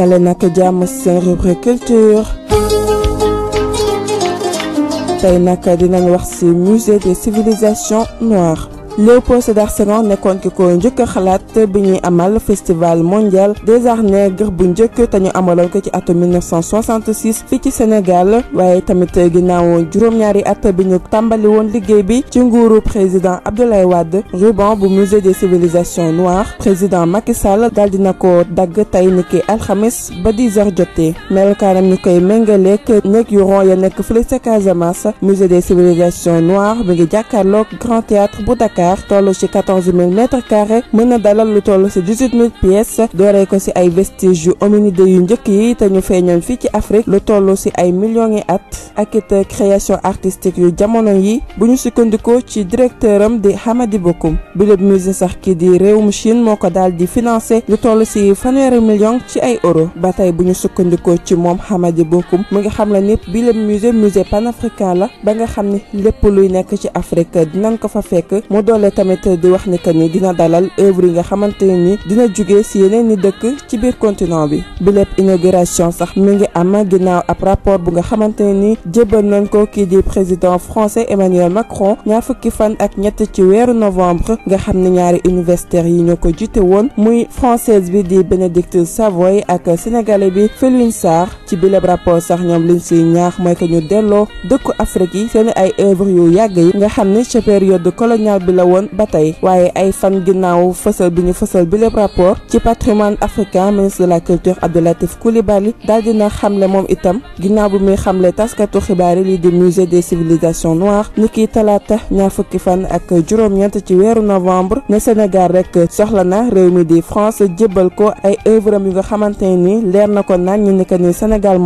Talena nag c'est rubrique culture tey nag noir wax musée des civilisations noires le poste d'arsenal nekkoon ki ko njëkk amal festival mondial des arts nègres bu njëkk tañu ko ci 1966 fii ci Sénégal waaye tamit ginnaaw juroom ñaari at biñu tambali woon liggéey bi ci nguuru président Abdoulaye Wade ruban bu musée des civilisations noires président Macky Sall dal dina ko dagg tey niki alxames ba 10 heures jotee melokaanam ñu koy yu ron ya musée des civilisations noires bi ngi grand théâtre bu Dakar. hectares toll ci 14000 mètres carrés mën na dalal lu toll ci 18000 pièces dooree ko ci ay vestiges yu hominidés yu njëkk yi te ñu feeñoon fii ci Afrique lu toll ci ay millions yi at ak it création artistique yu jamono yi bu ñu sukkandikoo ci directeur am di Hamadi Bokoum bi lépp musée sax ki di réewum Chine moo ko daal di financé lu toll ci fanweeri million ci ay euro ba tey bu ñu sukkandikoo ci moom Hamadi bokkum mu ngi xam la népp bi lépp musée musée panafricain la ba nga xam ne lépp luy nekk ci Afrique doole tamit di wax ni que ni dina dalal œuvre yi nga xamante ni dina jugee si yeneen i dëkk ci biir continent bi bi lépp inauguration sax mu ngi am ginnaaw ab rapport bu nga xamante ni jébbal nañ ko kii di président français Emmanuel Macron ñaar fukki fan ak ñett ci weeru novembre nga xam ne ñaari universitaires yi ñu ko jiite woon muy française bi di Bénédicte Savoy ak sénégalais bi Felwine Sarr ci bi lépp rapport sax ñoom liñ siy ñaax mooy que ñu delloo dëkku Afrique yi seen yi nga xam la woon ba fan ginnaaw bi rapport ci patrimoine africain ministre de la culture de Koulibaly, daal dina xamle itam ginnaaw bi muy xamle taskatu xibaar yi musée des civilisations noires ni ñaar fan ak juróom-ñeent ci novembre ne Sénégal rek soxla na France jébbal ko ay œuvre nga xamante ni ko que Sénégal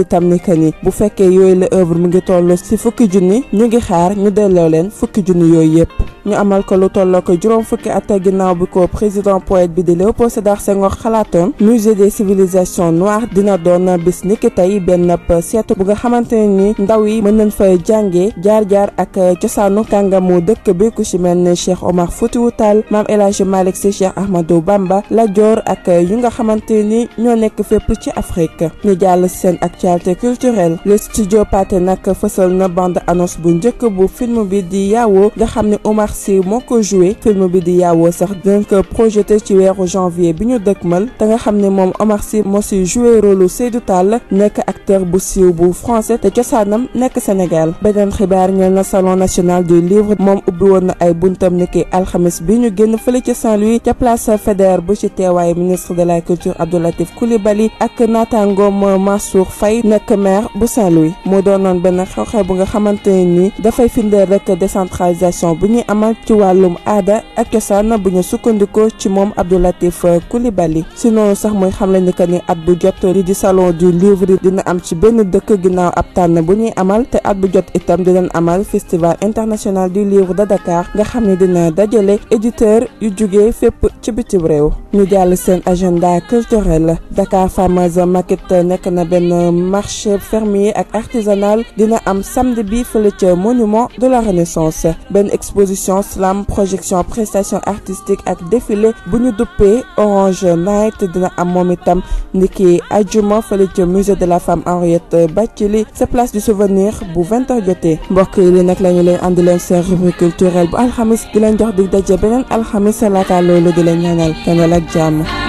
itam ni que ni bu la œuvre mi le toll ci fukki junni ñu ngi xaar ñu ñu amal ko lu tolloo ko juróom fukki at ginnaaw bi ko président poète bi di Léopold Sédar Senghor xalaatoon musée des civilisations noires dina doon bis niki tey benn seetu bu nga xamante ne ni ndaw yi mën nañ fa jàngee jaar-jaar ak cosaanu kàngamu dëkk bi ku ci mel ne Cheikh Omar Foutiyou Tall Maam El Hadji Malick Sy Cheikh Bamba la joor ak yi nga xamante ni ñoo nekk fépp ci Afrique ñu jàll seen actualité culturelle le studio Pathé nag fësal na bande annonce bu njëkk si moo ko joué film bi di yaawoo sax dinañ ko projeté ci weeru janvier bi ñu dëkkmal te nga xam ne moom Omar Sy moo si joué rôle Seydou Tall nekk acteur bu siiw bu français te cosaanam nekk Sénégal beneen xibaar ñeel na salon national du livre moom ubbi woon na ay buntam niki alxamis bi ñu génn fële ci Saint-Louis ca place Faidherbe bu ci teewaayu ministre de la culture Abdou Latif Coulibaly ak naataangoom Mansour Faye nekk maire bu Saint-Louis moo doonoon benn xew-xew bu ni dafay firndeel rek décentralisation bu amal ci wàllum aada ak cosaan bu ñu sukkandikoo ci moom Abdou Latif Coulibaly si noonu sax mooy xamle ni que ni jot li di salon du livre dina am ci benn dëkk ginnaaw ab tànn bu ñuy amal te at bu jot itam dinañ amal festival international du livre de Dakar nga xam ne dina dajale éditeur yu jugee fépp ci bitim réew ñu jàll seen agenda culturel Dakar Farmers Market nekk na benn marché fermier ak artisanal dina am samedi bi fële ca monument de la Renaissance ben exposition animation slam projection prestation artistique ak défilé bu ñu duppee Orange Night dina am moom itam niki ajuma fële ca musée de la femme Henriette Bathily sa place du souvenir bu 20 heures jotee mbokk yi li nag la ñu leen andi leen seen rubrique culturelle bu alxamis di leen jox dig daje beneen alxamis laata loolu di leen ñaanal kanal ak jàmm